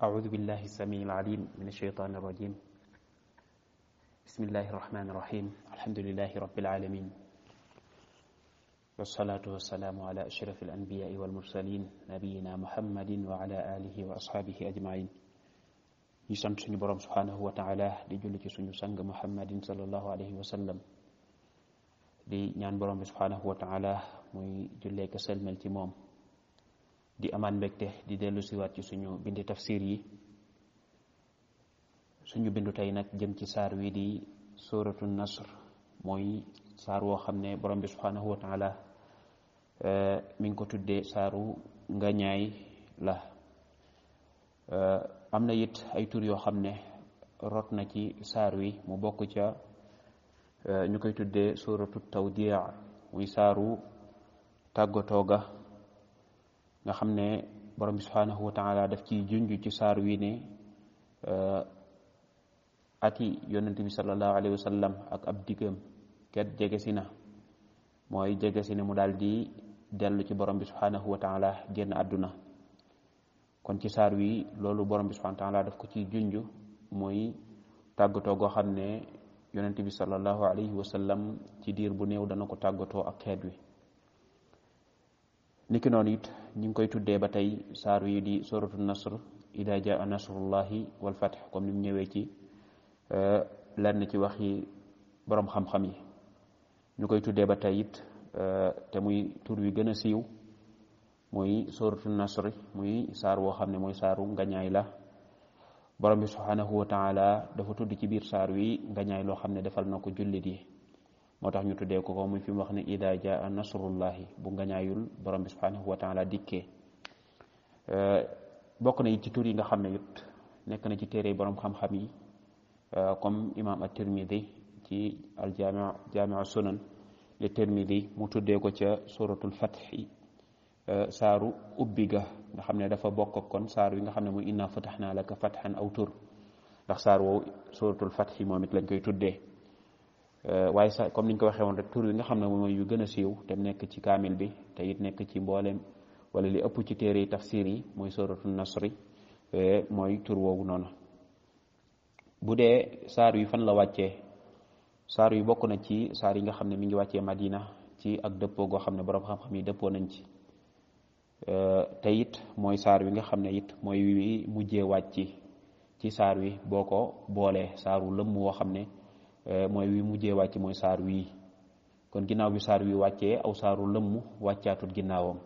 أعوذ بالله السميع العليم من الشيطان الرجيم بسم الله الرحمن الرحيم الحمد لله رب العالمين والصلاة والسلام على أشرف الأنبياء والمرسلين نبينا محمد وعلى آله وأصحابه أجمعين ñu sant suñu borom subhanahu wa taala di julli ci suñu sang muhammadin sallallahu alayhi wa sallam di ñaan borom bi subhanahu wa taala muy jullee ka sëlmal ci moom di amaat mbégte di dellu siwaat ci suñu bindi tafsir yi suñu bindu tey nag jëm ci saar wi di suratu nasr mooy saar woo xam ne borom bi subhanahu wa taala eh, mi ngi ko tuddee saaru ngañaay la eh, am na it ay tur yoo xam ne rot na ci saar wi mu bokk ca eh, ñu koy tuddee suratu tawdia muy saaru tàggatoo nga xam ne borom bi subhaanahu wa taala daf ci junj ci saar wi ne euh, ati yonent bi sallallahu alayhi wa ak ab diggam ket jege si na mooy jege ne mu daal di dellu ci borom bi subhanahu wa taala génn àdduna kon ci saar wi loolu borom bi subhanahu wa taala ko ci junj mooy tàggatoo goo xam ne yonent bi sallallahu alayhi wa ci diir bu néew dana ko tàggatoo ak xeet wi niki noonu ñu ngi koy tuddee ba tey saar wi di suratu nasr ida jaa nasrullahi wal fath comme ni mu ñëwee ci euh, lenn ci wax yi boroom xam-xam yi ñu koy tuddee ba tey it euh, te muy tur wi gën a siiw muy suratu nasr muy saar woo xam ne mooy saaru ngañaay la borom bi subhanahu wa taala dafa tudd ci biir saar wi ngañaay loo xam ne defal na ko julli di moo tax ñu tuddee ko ko muy fi mu wax ne ida jaa nasrullahi bu ngañaayul borom bi subhanahu wa taala dikkee euh, bokk na it ci tur yi nga xam ne it nekk na ci téere borom xam-xam yi euh, comme imam at-Tirmidhi ci al jaami' jaami'u sunan li Tirmidhi mu tuddee ko ca suratul fathi euh, saaru ubbi ga nga xam ne dafa bokk kon saar yi nga xam ne muy inna fatahna laka fathan aw tur ndax saar woowu suratul fathi moom it lañ koy tuddee Euh, waaye sa comme ni ñu ko waxee woon rek tur yi nga xam ne mooy yu gën a siiw te nekk ci kaamil bi te it nekk ci mbooleem wala li ëpp ci téere yi siir yi mooy soro suratu nasri eh, mooy tur woowu noonu bu dee saar yu fan la wàccee saar yu bokk na ci saar yi nga xam ne mi ngi wàccee Madina ci ak dëppoo goo xam ne borom xam yi dëppoo nañ ci euh, te it mooy saar wi nga xam ne it mooy wi mujjee wàcc ci saar wi boo ko boolee saar wu woo xam ne Eh, mooy wi mujjee wàcc mooy saar wii kon ginnaaw bi saar wi wàccee aw saaru lëmm wàccaatul ginnaawam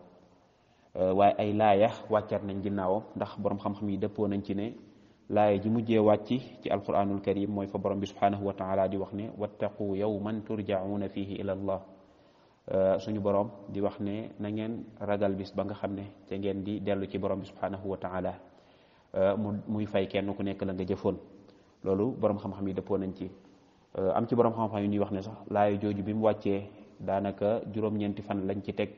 eh, waaye ay laaya wàccaat nañ ginnaawam ndax boroom xam-xam yi dëppoo nañ ci ne laaya ji mujjee wàcc ci alquranul karim mooy fa borom bi subhanahu wa taala di wax ne wattaqu yawman turjauna fihi ila allah eh, suñu boroom di wax ne na ngeen ragal bis ba nga xam ne te ngeen di dellu ci borom bi subhanahu wa taala mu muy fay kenn ku nekk la nga jëfoon loolu borom xam yi dëppoo nañ ci Euh, am ci borom xam-xam yu ñuy wax ne sax laay jooju bi mu wàccee daanaka juróom-ñeenti fan lañ ci teg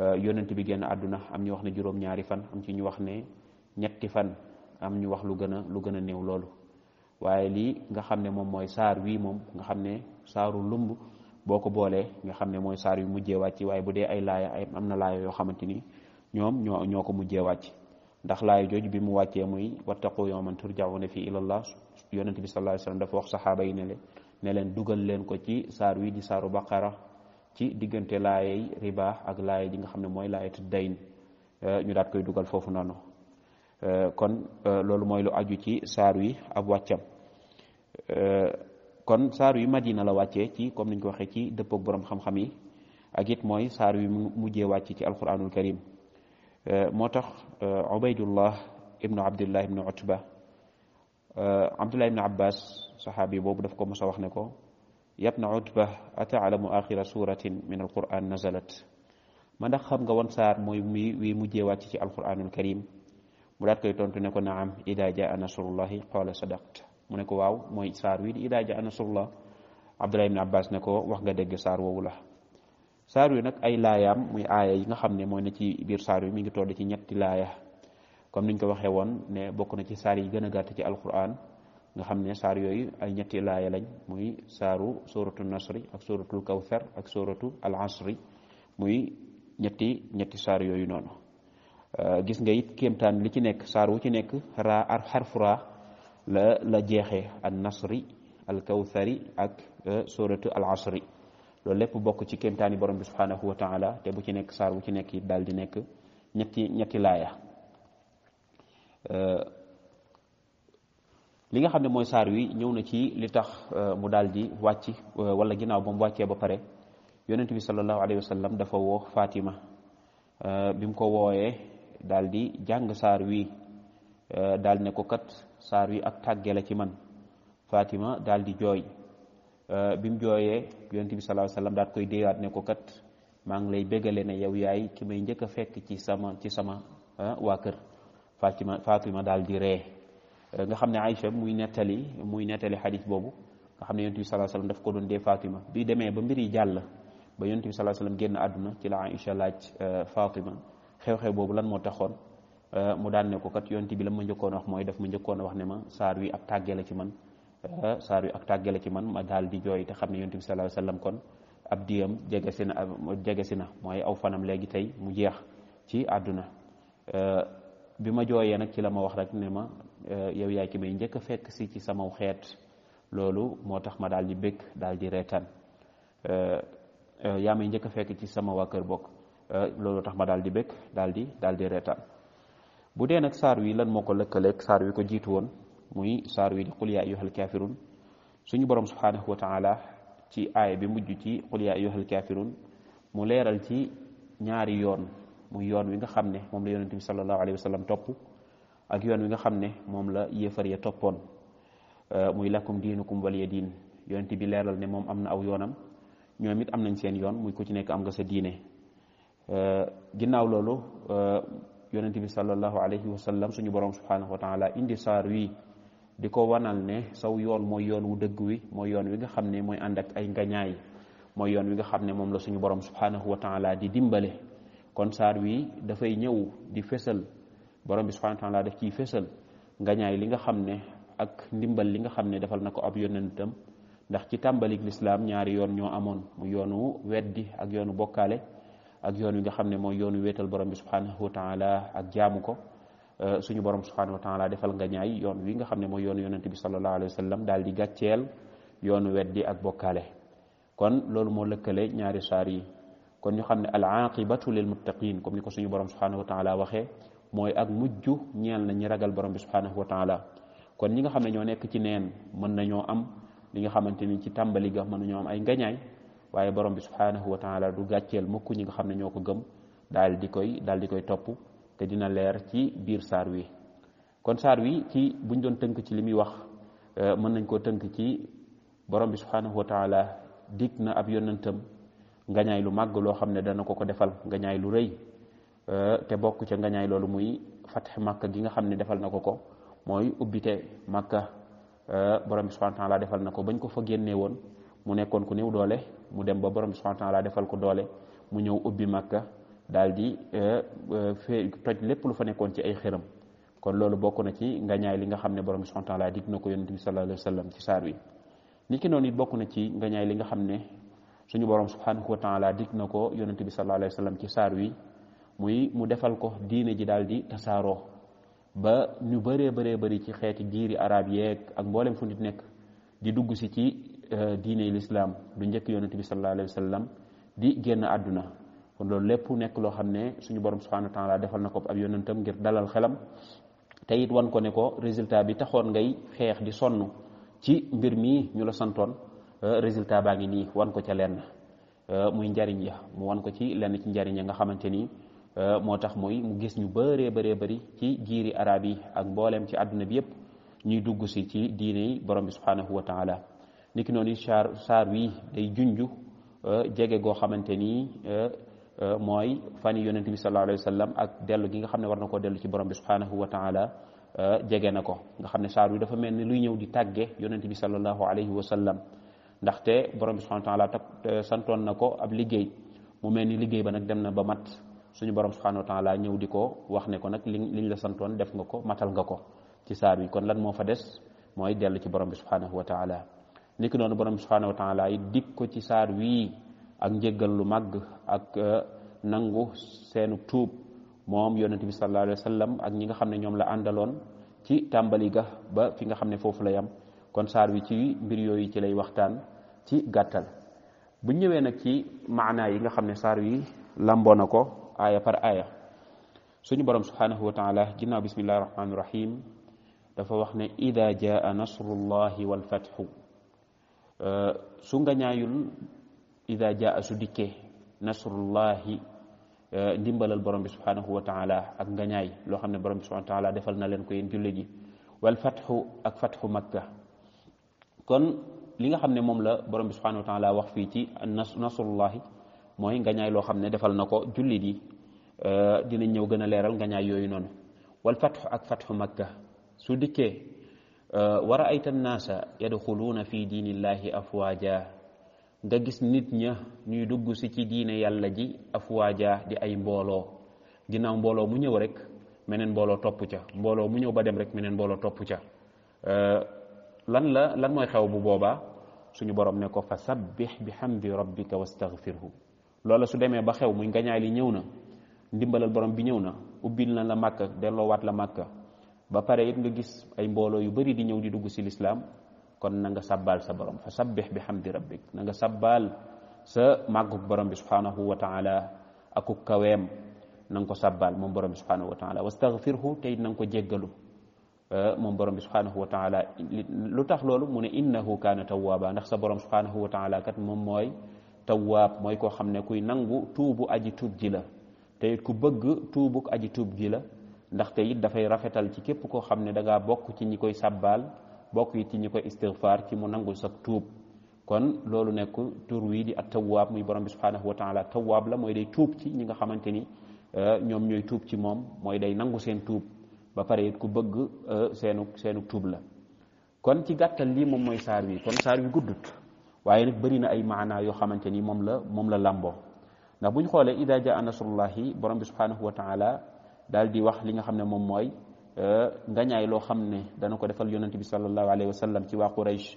euh, yonent bi génn àdduna am ñu wax ne juróom-ñaari fan am ci ñu wax ne ñetti fan am ñu wax lu gën a lu gën a néew loolu waaye lii nga xam ne moom mooy saar wii moom nga xam ne saaru lumb boo ko boolee nga xam ne mooy saar yu mujjee wàcc waaye bu dee ay laaya am na laaya yoo xamante ni ñoom ñoo ñoo ko mujjee wàcc ndax laay jooju bi mu wàccee muy wattaqu yawman turja'una fi ilallah yonent bi sallallahu alayhi wasallam dafa wax saxaaba yi ne leen ne leen dugal leen ko ci saar wi di saaru baqara ci diggante laayey riba ak laay ji nga xam ne mooy laayatu dayn euh, ñu daat koy dugal foofu noonu euh, kon euh, loolu mooy lu aju ci saar wi ab wàccam kon saar wi madina la wàccee ci comme niñ ko waxee ci dëppook boroom xam-xam yi ak it mooy saar wi mujjee wàcc ci alquranul karim Euh, moo tax euh, ubaydullah ibnu abdullah ibnu utba euh, abdullah ibnu abbas saxaabi boobu daf ko mos a wax ne ko na yabna utba ataalamu axira suratin min alquran nazalat ma ndax xam nga wan saar mooy mi wi mujjee wàcc ci ci alquranul karim mu daat koy tontu ne ko am ida a nasrullahi qala sadaqta mu ne ko waaw mooy saar wi di ida jaa nasrullah abdullah ibnu abbas ne ko wax nga dégg saar woowu la saar yu nag ay laayaam muy aaya yi nga xam ne mooy ne ci biir saar yu mi ngi toll ci ñetti laaya comme niñ ko waxee woon ne bokk na ci saar yi gën a gàtt ci alquran nga xam ne saar yooyu ay ñetti laaya lañ muy saaru suratu nasri ak suratul kawthar ak suratu al asri muy ñetti ñetti saar yooyu noonu euh, gis nga it kéemtaan li ci nekk saar wu ci nekk raa ar xarfu la la jeexee an nasri al kawthari ak euh, suratu al asri loolu lépp bokk ci kéemtaani borom bi subhanahu wa taala te bu ci nekk saar bu ci nekk it daal di nekk ñetti ñetti laaya euh, li nga xam ne mooy saar wi ñëw na ci li tax euh, mu daal di wàcc euh, wala ginnaaw ba wàccee ba pare yonent bi sallallahu alayhi wa dafa woo Fatima bi mu ko wooyee daal di jàng saar wi daal ne ko kat saar wi ak tàgge la ci man Fatima daal di jooy Euh, bi mu jooyee yonent bi sallallahu alayhi wasallam koy déewaat ne ko kat maa ngi lay bégale ne yow yaay ki may njëkk a fekk ci sama ci sama ah, waa kër Fatima Fatima daal di ree euh, nga xam ne Aïcha muy nettali muy nettali xadis boobu nga xam ne yonent bi sallallahu daf ko doon dee Fatima bi demee ba mbir yi jàll ba yonent bi sallallahu alayhi wasallam génn àdduna ci la Aïcha laaj euh, Fatima xew-xew boobu lan moo taxoon mu daan ne ko kat bi la ma njëkkoon wax mooy daf ma a wax ne ma saar wi ab tàggee la ci man Eh, saar yu ak tàggale ci man ma daal di jooy te xam ne yonent bi sallallahu alayhi wasallam kon ab diyam jege si na jege si na mooy aw fanam léegi tey mu jeex ci àdduna eh, bi ma jooyee nag ci la ma wax rek ne ma eh, yow yaay ki may njëkk a fekk si ci sama xeet loolu moo tax ma daal di bëgg daal di reetaan yaa may njëkk fekk ci sama waa kër loolu tax ma daal di bëgg daal di daal di dee nag saar wi lan moo ko lëkkaleeg saar wi ko jiitu woon muy saar wi di qul yaa ayyuhal suñu borom subhaanahu wa taala ci aaya bi mujj ci qul yaa ayyuhal kaafiruun mu leeral ci ñaari yoon mu yoon wi nga xam ne moom la yonent bi sallallahu alayhi ak yoon wi nga xam ne moom la yéefar ya toppoon euh, muy lakum diinukum waliya diin yonent bi leeral ne moom am na aw yoonam ñoom it am nañ seen yoon muy ku ci nekk am nga sa diine euh, ginnaaw loolu euh, yonent bi sallallahu alayhi wa sallam suñu borom subhaanahu wa taala indi saar wi di ko wanal ne saw yoon mooy yoon wu dëgg wi mooy yoon wi nga xam ne mooy ànd ak ay ngañaay mooy yoon wi nga xam ne moom la suñu borom subhanahu wa taala di dimbale kon saar wi dafay ñëw di fesal borom bi subhanahu wa taala daf ciy li nga xam ne ak ndimbal li nga xam ne defal na ko ab yonentam ndax ci tàmbalik lislaam ñaari yoon ñoo amoon mu yoonu weddi ak yoonu bokkaale ak yoon wi nga xam ne mooy yoonu wetal borom bi subhanahu wa taala ak jaamu ko Euh, suñu borom subhanahu wa taala defal nga ñaay yoon wi nga xam ne mooy yoon yonente bi sallallahu alayhi wa sallam daal di gàcceel yoonu weddi ak bokkaale kon loolu moo lëkkale ñaari saar yi kon ñu xam ne al aqibatu lil muttaqin comme ni ko suñu borom subhanahu wa taala waxee mooy ak mujj ñeel na ñi ragal borom bi subhanahu wa taala kon ñi nga xam ne ñoo nekk ci neen mën nañoo am li nga xamante ni ci tàmbali ga mën nañoo am ay ngañaay waaye borom bi subhanahu wa taala du gàcceel mukk ñi nga xam ne ñoo ko gëm daal di koy daal di koy topp te dina leer ci biir saar wi kon saar wi ci buñ doon tënk ci li muy wax euh, mën nañ koo tënk ci borom bi subhanahu wa taala dig na ab yonentam ngañaay lu màgg loo xam ne dana ko ko defal ngañaay lu rëy euh, te bokk ca ngañaay loolu muy fatxe màkka gi nga xam ne defal na ko ko mooy ubbite màkka euh, borom bi subhanahu wa taala defal na ko bañ ko fa génnee woon mu nekkoon ku néew doole mu dem ba borom bi subhanahu defal ko doole mu ñëw ubbi màkka daal di euh, euh, fee toj lépp lu fa nekkoon ci ay xëram kon loolu bokk na ci ngañaay li nga xam ne borom bi subhaanahu wa taala na ko yonent bi sallallahu alayhi wa saar wi ni noonu it bokk na ci ngañaay li nga xam ne suñu borom subhaanahu wa taala dig na ko yonent bi sallallahu alayhi ci saar wi muy mu defal ko diine ji daal di tasaaroo ba ñu bëree bëree bari ci xeeti jiiri arab yeeg ak mboolem fu nit nekk di dugg si ci euh, diine lislaam du njëkk yonent bi sallallahu alayhi wa sallam di génn àdduna kon loolu lépp nekk loo xam ne suñu borom subhanahu wa defal na ko ab yonentam ngir dalal xelam te it wan ko ne ko résultat bi taxoon ngay xeex di sonn ci mbir mi ñu la santoon euh, résultat baa ngi nii wan ko ca lenn euh, muy njariñ ya mu wan ko ci lenn ci njariñ ya nga xamante ni euh, moo tax muy gis ñu bëree bëree bari ci jiiri arab yi ak mbooleem ci àdduna bi yépp ñuy dugg si ci diine yi borom bi subhanahu wa taala niki noonu saar saar wi day junj jege goo xamante ni Euh, mooy fan yonent bi sallallahu wa sallam ak dellu gi nga xam ne war na koo dellu ci borom bi subhanahu wa taala euh, jege ko nga xam ne saar dafa mel ni luy ñëw di tàgge yonent bi sallallahu alayhi wa sallam ndaxte borom bi subhanahu wa taala euh, santoon na ko ab liggéey mu mel ni liggéey ba nag dem na ba mat suñu borom subhanahu wa taala ñëw di ko wax ne ko nag li liñ la santoon def nga ko matal nga ko ci saar wi kon lan moo fa des mooy dellu ci borom bi subhanahu wa taala niki noonu bi ko ci saar wii ak njëggal lu màgg ak euh, nangu seenu tuub moom yonent bi sallallahu alayhi ak ñi nga xam ne ñoom la àndaloon ci tàmbali ga ba fi nga xam ne foofu la yam kon saar wi ci mbir yooyu ci lay waxtaan ci gàttal bu ñëwee nag ci maanaa yi nga xam ne saar wi lamboo na ko aaya par aaya suñu borom subhanahu wa taala ginnaaw bismillahi rahmaani rahim dafa wax ne ida jaa nasrullahi wal fatxu euh, su nga ida jaa su dikkee nasrullahi ndimbalal borom bi subhanahu wa taala ak ngañaay loo xam ne borom bi subhanahu wa defal na leen ko yéen jullit yi wal fatxu ak fatxu makka kon li nga xam ne moom la borom bi subhanahu wa taala wax fii ci nasrullahi mooy ngañaay loo xam ne defal na ko jullit yi euh, dinañ ñëw gën a leeral ngañaay yooyu noonu wal fatxu ak fatxu makka su dikkee euh, wa raayta annaasa yadxuluuna fi diinillahi afwaaja nga gis nit ña ñuy dugg si ci diine yàlla ji afwaaja di ay mbooloo ginnaaw mbooloo mu ñëw rek meneen mbooloo topp ca mbooloo mu ñëw ba dem rek meneen mbooloo topp ca euh, lan la lan mooy xew bu boobaa suñu borom ne ko fa sabbih bihamdi rabbika wastaghfirhu loola su demee ba xew muy ngañaay li ñëw na ndimbalal borom bi ñëw na ubbil na la màkka delloowaat la màkka ba pare it nga gis ay mbooloo yu bari di ñëw di dugg si lislaam kon na nga sàbbaal sa borom fa sabbih bi hamdi rabbik na nga sàbbaal sa màgguk borom bi subhanahu wa taala akuk kaweem na nga ko sàbbaal moom borom bi subhanahu wa taala wastaghfirhu tey na ko jéggalu moom borom bi subhanahu wa taala lu tax loolu mu ne innahu kaana tawwaaba ndax sa borom subhanahu wa taala kat moom mooy tawwaab mooy koo xam ne kuy nangu tuubu aji tuub ji la te ku bëgg tuubuk aji tuub ji la ndaxte it dafay rafetal ci képp koo xam ne da ngaa bokk ci ñi koy sabal bokk yi ci ñi koy istighfar ci mu nangul sa tuub kon loolu nekk tur wii di ak tawwaab muy borom bi subhanahu wa taala tawwaab la mooy day tuub ci ñi nga xamante ni euh, ñoom ñooy tuub ci moom mooy day nangu seen tuub ba pare it ku bëgg euh, seenu seenu tuub la kon ci gàttal lii moom mooy saar wi kon saar wi guddut waaye nag bëri na ay maanaa yoo xamante ni moom la moom la làmboo ndax bu ñu xoolee ida jaa nasrullahi borom bi subhanahu wa taala daal di wax li nga xam ne moom mooy Euh, ngañaay loo xam ne dana ko defal yonent bi sallallahu alayhi wa sallam ci waa Quraysh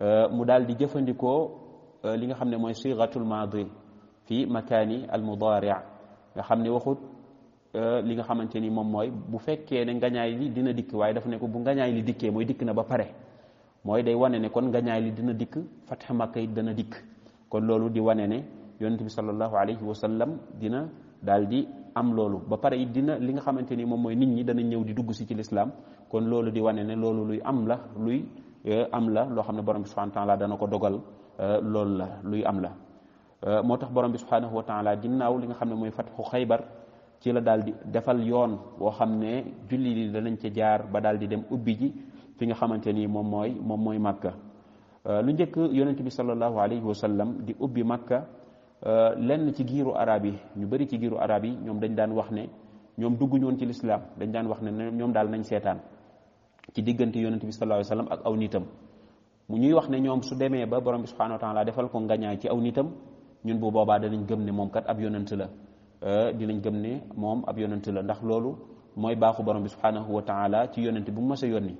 euh, mu daal di jëfandikoo euh, li nga xam ne mooy sigatul maadi fi makaani al mudaari nga xam ne waxut li nga xamante ni moom mooy bu fekkee ne ngañaay li dina dikk waaye dafa ne ko bu ngañaay li dikkee mooy dikk na ba pare mooy day wane ne kon ngañaay li dina dikk fatx Makka it dana dikk kon loolu di wane ne yonent bi sallallahu alayhi wa sallam dina daal di am loolu ba pare it dina li nga xamante ni moom mooy nit ñi dana ñëw di dugg si ci lislaam kon loolu di wane ne loolu luy am la luy eh, am la loo xam ne borom bi subhanahu wa taala dana ko dogal eh, loolu la luy am la eh, moo tax borom bi subhanahu wa taala ginnaaw li nga xam ne mooy fat fatxu xaybar ci la dal di defal yoon woo xam ne julli li danañ ca jaar ba daal di dem ubbi ji fi nga xamante ni moom mooy moom mooy màkka lu njëkk yonent bi sallallahu alayhi wa sallam di ubbi màkka Euh, lenn ci giiru arab yi ñu bari ci giiru arab yi ñoom dañ daan wax ne ñoom dugguñu woon ci lislaam dañ daan wax ne ñoom daal nañ seetaan ci diggante yonent bi sallallahu alayhi ak aw nitam mu ñuy wax ne ñoom su demee ba borom bi subhanahu wa taala defal ko ngañaay ci aw nitam ñun bu boobaa danañ gëm ne moom kat ab yonent la euh, dinañ gëm ne moom ab yonent la ndax loolu mooy baaxu borom bi subhanahu wa taala ci yonent bu mu mas a yónni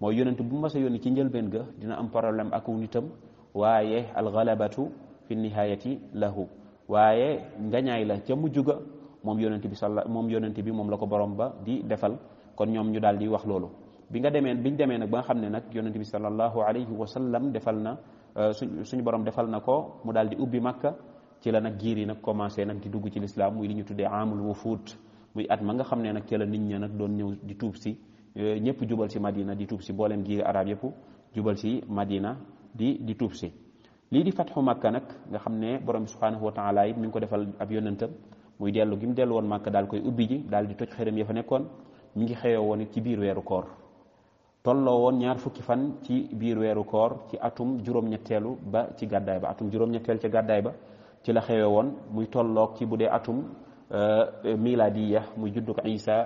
mooy yonent bu mas a yónni ci njëlbeen ga dina am problème ak aw nitam waaye alxalabatu fi nihayati lahu waaye ngañaay la ca mujj ga moom yonent bi salla moom yonent bi moom la ko borom ba di defal kon ñoom ñu daal di wax loolu bi nga demee bi ñu demee nag ba nga xam ne nag yonent bi sallallahu alayhi wa sallam defal na euh, suñ suñu borom defal na ko mu daal di ubbi makka ci la nag giir yi nag commencé nag di dugg ci lislaam muy li ñu tuddee lu mu fuut muy at ma nga xam ne nag ci la nit ña nag doon ñëw di tuub si euh, ñëpp jubal si Madina di tuub si booleem giiri arab yëpp jubal si Madina di si lii di fatxu màkka nag nga xam ne borom bi subhanahu wa taala yi mi ngi ko defal ab yonentam muy dellu gi mu dellu woon màkka daal koy ubbi ji daal di toj xërëm ya fa nekkoon mu ngi xewee woon ci biir weeru koor tolloo woon ñaar fukki fan ci biir weeru koor ci atum juróom-ñetteelu ba ci gàddaay ba atum juróom-ñetteelu ci gàddaay ba ci la xewee woon muy tolloog ci bu dee atum euh, ya muy ko isa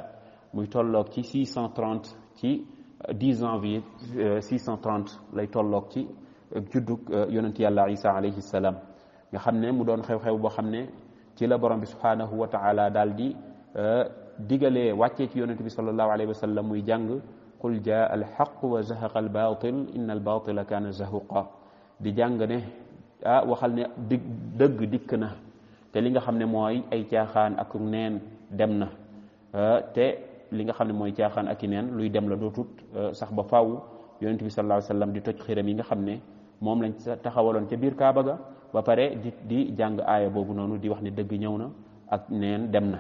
muy tolloog ci 630 ci 10 janvier 630 euh, lay tolloog ci juddug euh, yonent yàlla isa alayhi salaam nga xam ne mu doon xew-xew boo xam ne ci la borom bi subhanahu wa taala daal di euh, digalee wàccee ci yonent bi sallallahu alayhi muy jàng qul jaa alxaq di jàng ne ah, ne dig dikk na te li nga xam ne mooy ay caaxaan ak dem na euh, te li nga xam ne mooy caaxaan ak i luy dem la dootut sax ba faw yonent bi sallallahu alayhi wa di toj xiram yi nga xam ne moom lañ taxawaloon ca biir Kaaba ga ba pare di di jàng aaya boobu noonu di wax ne dëgg ñëw na ak neen dem na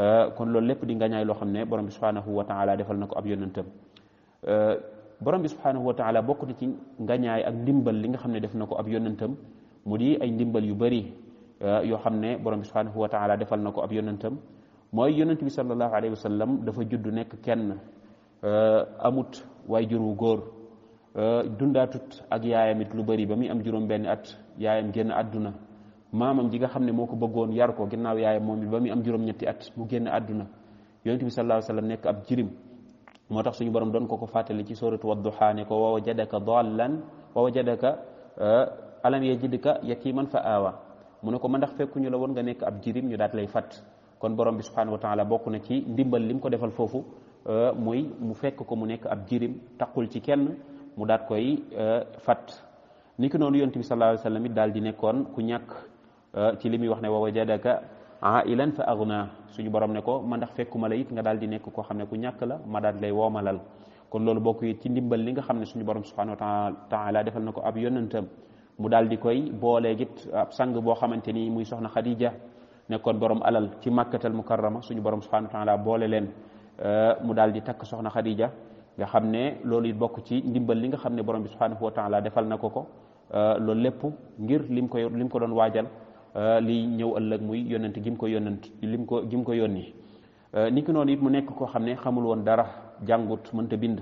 euh, kon loolu lépp di ngañaay loo xam ne borom bi subhanahu wa taala defal na ko ab yonentam euh, borom bi subhanahu wa taala bokk na ci ngañaay ak ndimbal li nga xam ne def na ko ab yonentam mu di ay ndimbal yu bari euh, yoo xam ne borom bi subhanahu wa taala defal na ko ab yonentam mooy yonent bi sallallahu alayhi wa sallam dafa judd nekk kenn amut waay jurwu wu góor Euh, dundaatut ak yaayamit lu bari ba muy am juróom benn at yaayam génn àdduna maamam ji nga xam ne moo ko bëggoon yar ko ginnaaw yaayam moom it ba muy am juróom-ñetti at mu génn àdduna yonent bi sa alayhi wa sallam nekk ab jirim moo tax suñu borom doon ko ko fàttali ci suratu wadduhaa ne ko wa wajadaka dallan wa wajadaka euh, alam yajidka yatiman fa aawa mu ne ko ma ndax fekkuñu la woon nga nekk ab jirim ñu daat lay fat kon borom bi subhanahu wa taala bokk na ci ndimbal lim ko defal foofu euh, muy mu fekk ko mu nekk ab jirim taqul ci kenn mu daat koy euh, fat ni ki noonu yonent bi sallallahu alayhi wa sallam it daal di nekkoon ku ñàkk euh, ci li muy wax ne wa wajadaka ailan fa aghna suñu borom ne ko ma ndax fekkuma la it nga daal di nekk koo xam ne ku ñàkk la ma daal di lay woomalal kon loolu bokk it ci ndimbal li nga xam ne suñu borom subhanahu wa taala defal na ko ab yonentam mu daal di koy boolee it ab sang boo xamante ni muy soxna Khadija nekkoon borom alal ci màkkatal mukarrama suñu borom subhanahu wa taala boole leen euh, mu daal di takk soxna Khadija nga xam ne loolu it bokk ci ndimbal li nga xam ne borom bi subhanahu wa taala defal na ko ko euh, loolu lépp ngir lim ko lim ko doon waajal euh, li ñëw ëllëg muy yonent gim ko yonent lim ko gim ko yónni euh, ni ki noonu it mu nekk koo xam ne xamul woon dara jàngut mënta bind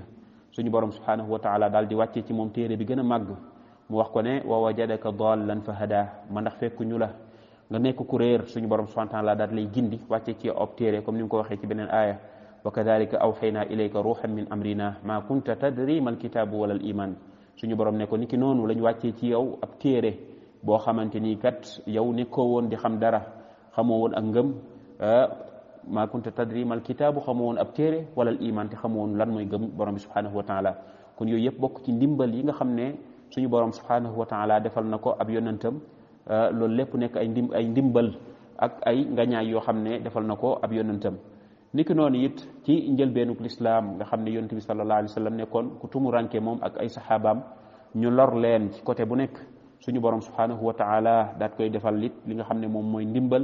suñu borom subhanahu wa taala daal di wàcce ci moom téere bi gën a màgg mu wax ko ne wa wajadaka dallan fa hada ma ndax ñu la nga nekk ku réer suñu borom subhanahu wa taala daal lay gindi wàcce ci ob téere comme ni mu ko waxee ci beneen aaya wa kadalika awxaynaa ilayka ruuxan min amrina maa kunta tadri mal kitaabu wala al iman suñu borom ne ko ni ki noonu lañ wàccee ci yow ab téere boo xamante nii kat yow nekkoo woon di xam dara xamoo woon ak ngëm ah, maa kunta tadri mal kitaabu xamoo woon ab téere wala al iman te xamoo woon lan mooy ngëm borom bi subhanahu wa taala kon yooyu yëpp bokk ci ndimbal yi nga xam ne suñu borom subhanahu wa taala defal na ko ab yonentam ah, loolu lépp nekk ay ndim ay ndimbal ak ay ngañaay yoo xam ne defal na ko ab yonentam niki noonu it ci njëlbeenu lislaam nga xam ne yonent bi sallallahu alayhi wa sallam nekkoon ku tumuranke moom ak ay saxaabaam ñu lor leen ci côté bu nekk suñu borom subhanahu wa taala daat koy defal it li nga xam ne moom mooy ndimbal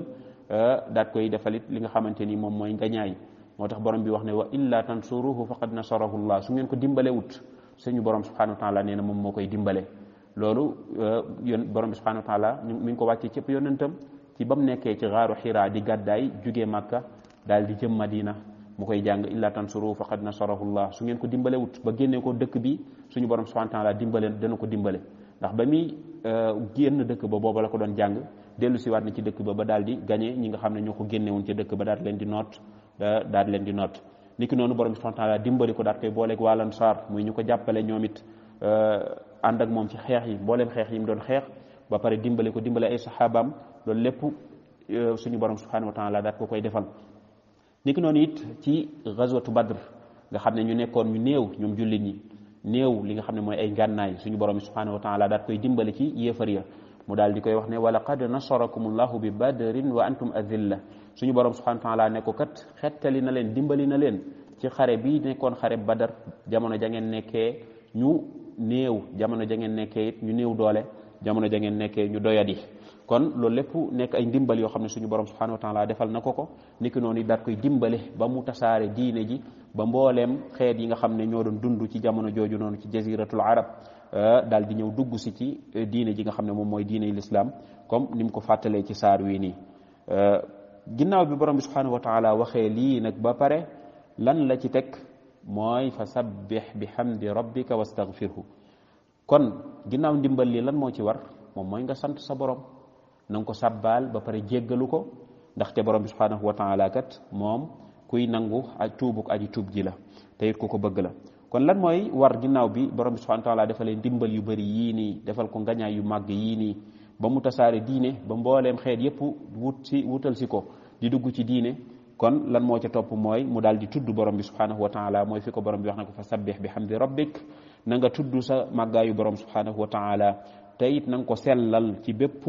euh, daat koy defal it li nga xamante ni moom mooy ngañaay moo tax borom bi wax ne wa illa tansuruhu faqad nasarahu llah su ngeen ko dimbale wut suñu borom subhanahu wa nee na moom moo koy dimbale loolu euh, yon borom bi subhanahu wa taala mi ngi ko wàccee cëpp yonentam ci ba mu nekkee ci xaaru xiraa di gàddaay jóge màkka daal di jëm madina mu koy jàng illa tansuru faqad nasarahullah su ngeen ko dimbale ba génnee ko dëkk bi suñu borom subhanahu wa taala dimbale dana ko dimbale ndax ba muy euh, génn dëkk ba booba la ko doon jàng dellu siwaat na ci dëkk ba ba daal di gañe ñi nga xam ne ñoo ko génnewoon ca dëkk ba daal leen di noot daal leen di noot niki noonu borom subhanahu wa taala dimbali ko daal koy booleeg waa Ansaar muy ñu ko jàppale ñoom it euh, ànd ak moom ci xeex yi mbooleem xeex yi mu doon xeex ba pare dimbale ko dimbale ay saxaabaam loolu lépp euh, suñu borom subhanahu wa taala daal ko koy defal niki noonu it ci ghazwatu badr nga xam ne ñu nekkoon ñu néew ñoom jullit ñi néew li nga xam ne mooy ay ngànnaay suñu borom bi subhanahu wa taala koy dimbali ci yéefar ya mu daal di koy wax ne wa laqad nasarakumullahu bi badrin wa antum adilla suñu borom subhanahu wa taala ne kat xettali na leen dimbali na leen ci xare bi nekkoon xare badar jamono ja ngeen nekkee ñu néew jamono ja ngeen nekkee it ñu néew doole jamono ja ngeen nekkee ñu doyadi kon loolu lépp nekk ay ndimbal yoo xam ne suñu borom subhanahu wa taala defal na ko ko niki noonu yi koy dimbale ba mu tasaare diine ji ba mbooleem xeet yi nga xam ne ñoo doon dund ci jamono jooju noonu ci jaziratul arab euh, daal di ñëw dugg si ci euh, diine ji nga xam ne moom mooy diine l'islam comme ni mu ko fàttalee ci saar wii nii euh, ginnaaw bi borom bi subhanahu wa waxee lii nag ba pare lan la ci teg mooy fa sabbih bi hamdi rabbika wastaghfirhu kon ginnaaw ndimbal lii lan moo ci war moom mooy nga sant sa borom na nga ko sàbbaal ba pare jéggalu ko ndaxte borom bi subhanahu wa taala kat moom kuy nangu a tuubuk aji tuub ji la te ku ko bëgg la kon lan mooy war ginnaaw bi borom bi subhanahu wa defalee ndimbal yu bëri yii nii defal ko ngañaay yu màgg yii nii ba mu tasaare diine ba mbooleem xeet yépp wut si wutal si ko di dugg ci diine kon lan moo ca topp mooy mu daal di tudd borom bi subhanahu wa taala mooy fi ko borom bi wax na ko fa sabbih bi hamdi rabbik na nga tudd sa màggaayu borom subhanahu wa taala te it na ko sellal ci bépp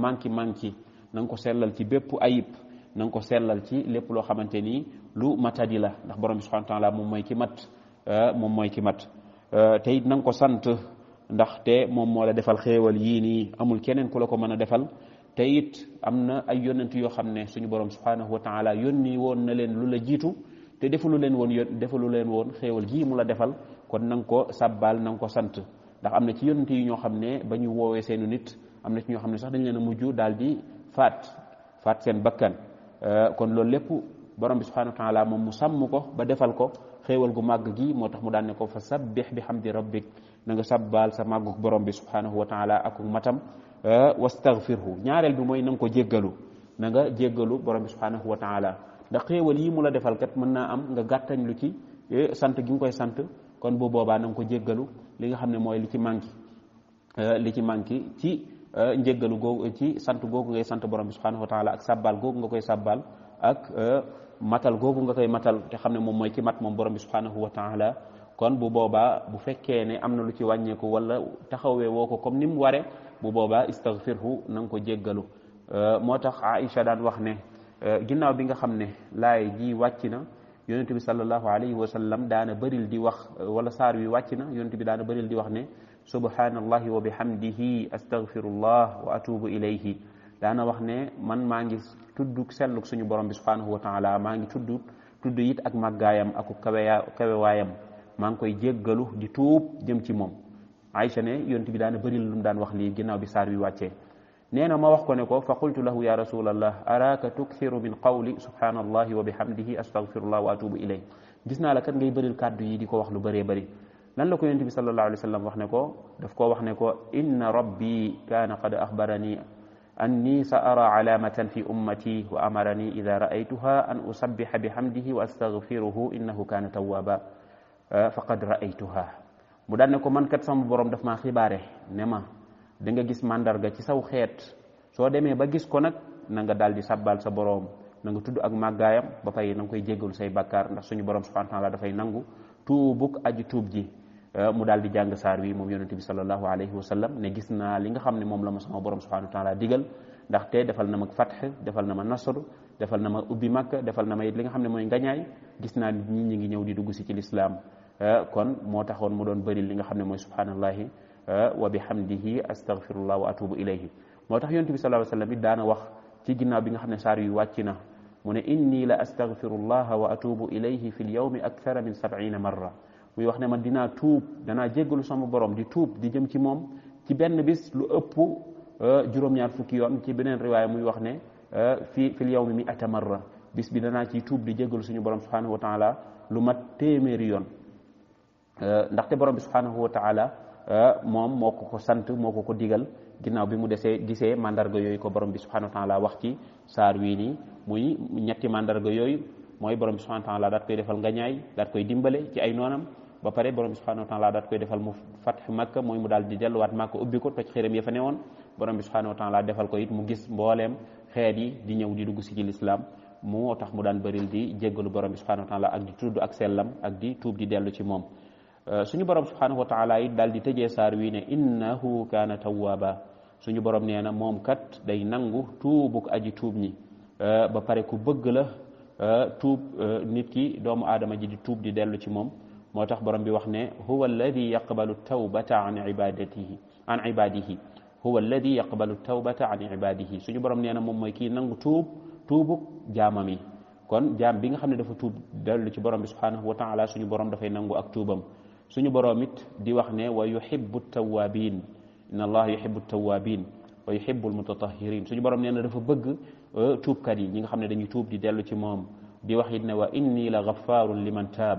manki manki na nga ko sellal ci bépp ayib na nga ko sellal ci lépp loo xamante ni lu matadi la ndax borom bi subhanahu moom mooy ki mat ah, moom mooy ki mat ah, te it na ko sant ndaxte moom moo la defal xéewal yii nii amul keneen ku la ko mën a defal te it am na ay yonent yoo xam ne suñu borom subhanahu wa taala yónni woon na leen lu la jiitu te defalu leen woon defalu leen woon xéewal gii mu la defal kon na ko sàbbaal na nga ko sant ndax am na ci yonent yi ñoo xam ne ba ñu woowee seenu nit am na ci ñoo xam ne sax dañ leen a mujj daal di faat faat seen bakkan euh, kon loolu lépp borom bi subhanahu wa taala moom mu sàmm ko ba defal ko xéewal gu màgg gi moo tax mu daan ne ko fa sabbih bi hamdi rabbik na nga sabbaal sa màggug borom bi subhanahu wa taala ak matam euh, wastaghfirhu ñaareel bi mooy na nga ko jéggalu na nga jéggalu borom bi subhanahu wa taala ndax xéewal yi mu la defal kat mën naa am nga gàttañ lu ci eh, sant gi nga koy sant kon bu boobaa na ko jéggalu li nga xam ne mooy li ci manqué euh, li ci manqué ci euh, njëggalu googu ci sant googu ngay sant borom bi subhanahu wa taala ak sabbal googu nga koy sabbal ak euh, matal googu nga koy matal te xam ne moom mooy ci mat moom borom bi subhanahu wa taala kon bu boobaa bu fekkee ne am na lu ci wàññeeku wala taxawee woo ko comme ni mu ware bu boobaa istaghfirhu na nga ko jéggalu moo tax Aïcha daan wax ne ginnaaw bi nga xam ne laay ji wàcc na yonent bi sallallahu alayhi wa sallam daana bëril di wax wala saar wi wàcc na yonent bi daana bëril di wax ne subhanallahi wa bihamdihi astaghfirullah wa atubu ilayhi daana wax ne man maa ngi tudd selluk suñu borom bi subhanahu wa taala maa ngi tudd tudd it ak màggaayam aku kaweya kawewaayam maa ngi koy jéggalu di tuub jëm ci moom Aïcha ne yonent bi daana bëril lu mu daan wax lii ginnaaw bi saar wi wàccee nee na ma wax ko ne ko fa qultu lahu ya rasulallah araka tukthiru min qawli subhanallahi wa bihamdihi astaghfirullah wa atubu ilay gis naa la kat ngay bëril kàddu yi di ko wax lu bëree bëri lan la ko yonent bi sallallahu alayhi wa wax ne ko daf koo wax ne ko inna rabbi kaana qad axbarani anni sa ara calaamatan fi ummati wa amarani ida raaytuha an usabbixa bihamdihi wa astaghfiruhu innahu kaana tawwaaba faqad raaytuha mu daan ne ko man kat sama borom daf maa xibaare ne ma da nga gis màndarga ci saw xeet soo demee ba gis ko nag nanga nga daal di sabbal sa boroom na nga tudd ak màggaayam ba pare na nga koy jéggalu say bàkkaar ndax suñu boroom subhanahu wa taala dafay nangu tuubuk aji tuub ji eh, mu daal di jàng saar wi moom yonente bi salallahu alayhi wa sallam ne gis naa li nga xam ne moom la ma sama borom subhanahu wa taala digal ndaxte defal na ma fatx defal na ma nasr defal na ma ubbi makka defal na ma it li nga xam ne mooy ngañaay gis naa nit ñi ngi ñëw di dugg si ci lislaam eh, kon moo taxoon mu doon bëri li nga xam ne mooy subhanallahi wa bihamdihi astaghfirullah wa atubu ilayhi moo tax yonent bi sallallahu alayhi wa daana wax ci ginnaaw bi nga xam ne saar yu wàcc na mu ne inni la astaghfirullaha wa atubu ilayhi fi l yawmi akthara min sab'ina marra muy wax ne man dinaa tuub danaa jéggalu sama borom di tuub di jëm ci moom ci benn bis lu ëpp euh, juróom-ñaar fukki yoon ci beneen riwaaya muy wax ne euh, fi fi l yawmi mi ata marra bis bi danaa ciy tuub di jéggalu suñu borom subhanahu wa taala lu mat téeméeri yoon euh, ndaxte borom bi subhanahu wa Euh, moom moo ko ko sant moo ko ko digal ginnaaw bi mu desee gisee mandarga yooyu ko borom bi subhanahu wa taala wax ci saar wii nii muy ñetti mandarga yooyu mooy borom bi subhanahu wa taala daat koy defal nga ñaay daat koy dimbale ci ay noonam ba pare borom bi subhanahu wa taala daat koy defal mu fatx makka mooy mu daal di delluwaat makka ubbi ko toj xéram ya fa woon borom bi subhanahu wa taala defal ko it mu gis mbooleem xeet yi di ñëw di dugg si ci lislaam moo tax mu daan bëril di jéggalu borom bi subhanahu wa taala ak di tudd ak sellam ak di tuub di dellu ci moom Euh, suñu borom subhanahu wa taala it daal di tëjee saar wii ne innahu kaana tawwaaba suñu borom nee na moom kat day nangu tuubuk aji tuub ñi euh, ba pare ku bëgg la euh, tuub nit ki doomu adama ji di tuub di dellu ci moom moo tax borom bi wax ne huwa alladi yaqbalu tawbata an ibadatihi an ibadihi huwa alladi yaqbalu tawbata an ibadihi suñu borom nee na moom mooy kii nangu tuub tuubuk jaamam yi kon jaam bi nga xam ne dafa tuub dellu ci borom bi subhanahu wa taala suñu borom dafay nangu ak tuubam suñu boroom it di wax ne wa yuhibbu tawabin inna allaha yuhibbu tawabin wa yuhibbul mutatahirin suñu borom nee na dafa bëgg euh, tuubkat yi ñi nga xam ne dañuy tuub di dellu ci moom di wax it ne wa inni la gafaarun liman taab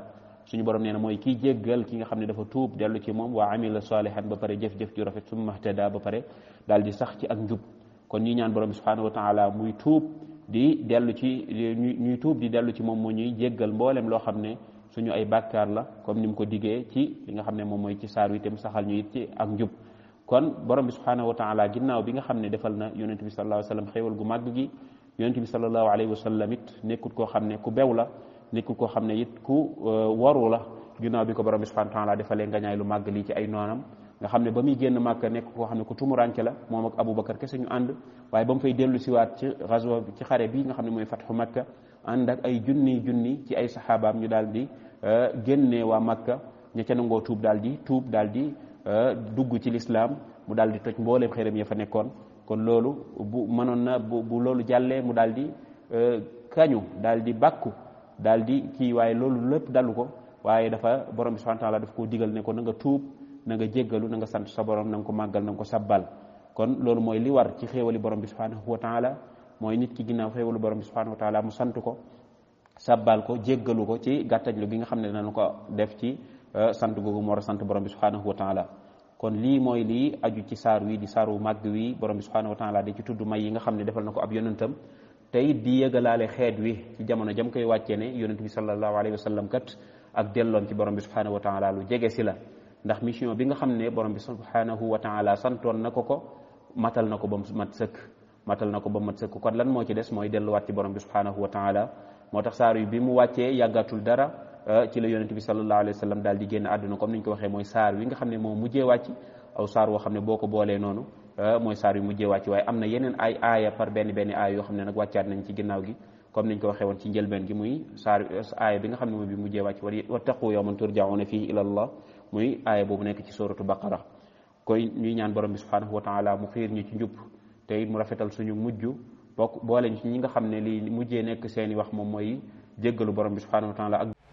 suñu borom nee mooy kii jéggal ki nga xam ne dafa tuub dellu ci moom wa amila salihan ba pare jëf-jëf ju rafet summa ihtada ba pare daal di sax ci ak njub kon ñi ñaan borom bi subhanahu wa muy tuub di dellu ci ñuy tuub di dellu ci moom moo ñuy jéggal mboolem loo xam ne suñu ay bàkkaar la comme ni mu ko diggee ci li nga xam ne moom mooy ci saar wi te mu saxal ñu it ci ak njub kon borom bi subhanahu wa taala ginnaaw bi nga xam ne defal na yonent bi sallallahu alayhi wa sallam xéewal gu màgg gi yonent bi sallallahu alayhi wa sallam it nekkut koo xam ne ku bew la nekkut koo xam ne it ku euh, waru la ginnaaw bi ko borom bi subhanahu wa taala defalee ngañaay lu màgg lii ci ay noonam nga xam ne ba muy génn màkka nekk koo xam ne ku tumuranke la moom ak aboubacar kese ñu ànd waaye ba mu fay dellu siwaat ci razo ci xare bi nga xam ne mooy fatxu makka ànd ak ay junni junni ci ay saxaabaam ñu daal di euh, génne waa Makka ña ca tuub daal di tuub daal di euh, dugg ci lislaam mu daal di toj mbooleem xërëm ya fa nekkoon kon loolu bu mënoon na bu loolu jàllee mu daal di euh, kañu daal di bàkku daal di kii waaye loolu lépp dalu ko waaye dafa borom bi subhanahu wa taala koo digal ne ko na nga tuub na nga jéggalu na nga sant sa borom na ko màggal na nga ko sabbal kon loolu mooy li war ci xéewali mooy nit ki ginnaaw xéewalu borom bi subhanahu wa taala mu sant ko sàbbaal ko jéggalu ko ci gàttajlu gi nga xam ne danañ ko def ci euh, sant googu mu sant borom bi subhanahu wa taala kon lii mooy lii aju ci saar wi di saaru màgg wi borom bi subhanahu wa taala di ci tudd may yi nga xam ne defal na ko ab yonentam te it di yëgalaale xeet wi ci jamono jam koy wàccee ne yonent bi sallallahu alayhi wa sallam kat ak delloom ci borom bi subhanahu wa taala lu jege si la ndax mission bi nga xam ne borom bi subhanahu wa taala santoon na ko ko matal na ko ba mu mat sëkk matal na ko ba mat sëkk kon lan moo ci des mooy delluwaat ci borom bi subhanahu wa taala moo tax saar yu bi mu wàccee yàggatul dara eh, ci la yonent bi sallallahu alayhi wa sallam daal di génn àdduna comme niñ ko waxee mooy subhanahu eh, wa mu xiir ñu ci njub tey mu rafetal suñu mujj bokk boole ci ñi nga xam ne lii mujjee nekk seeni wax moom mooy jéggalu borom bi subhanahu wa taala ak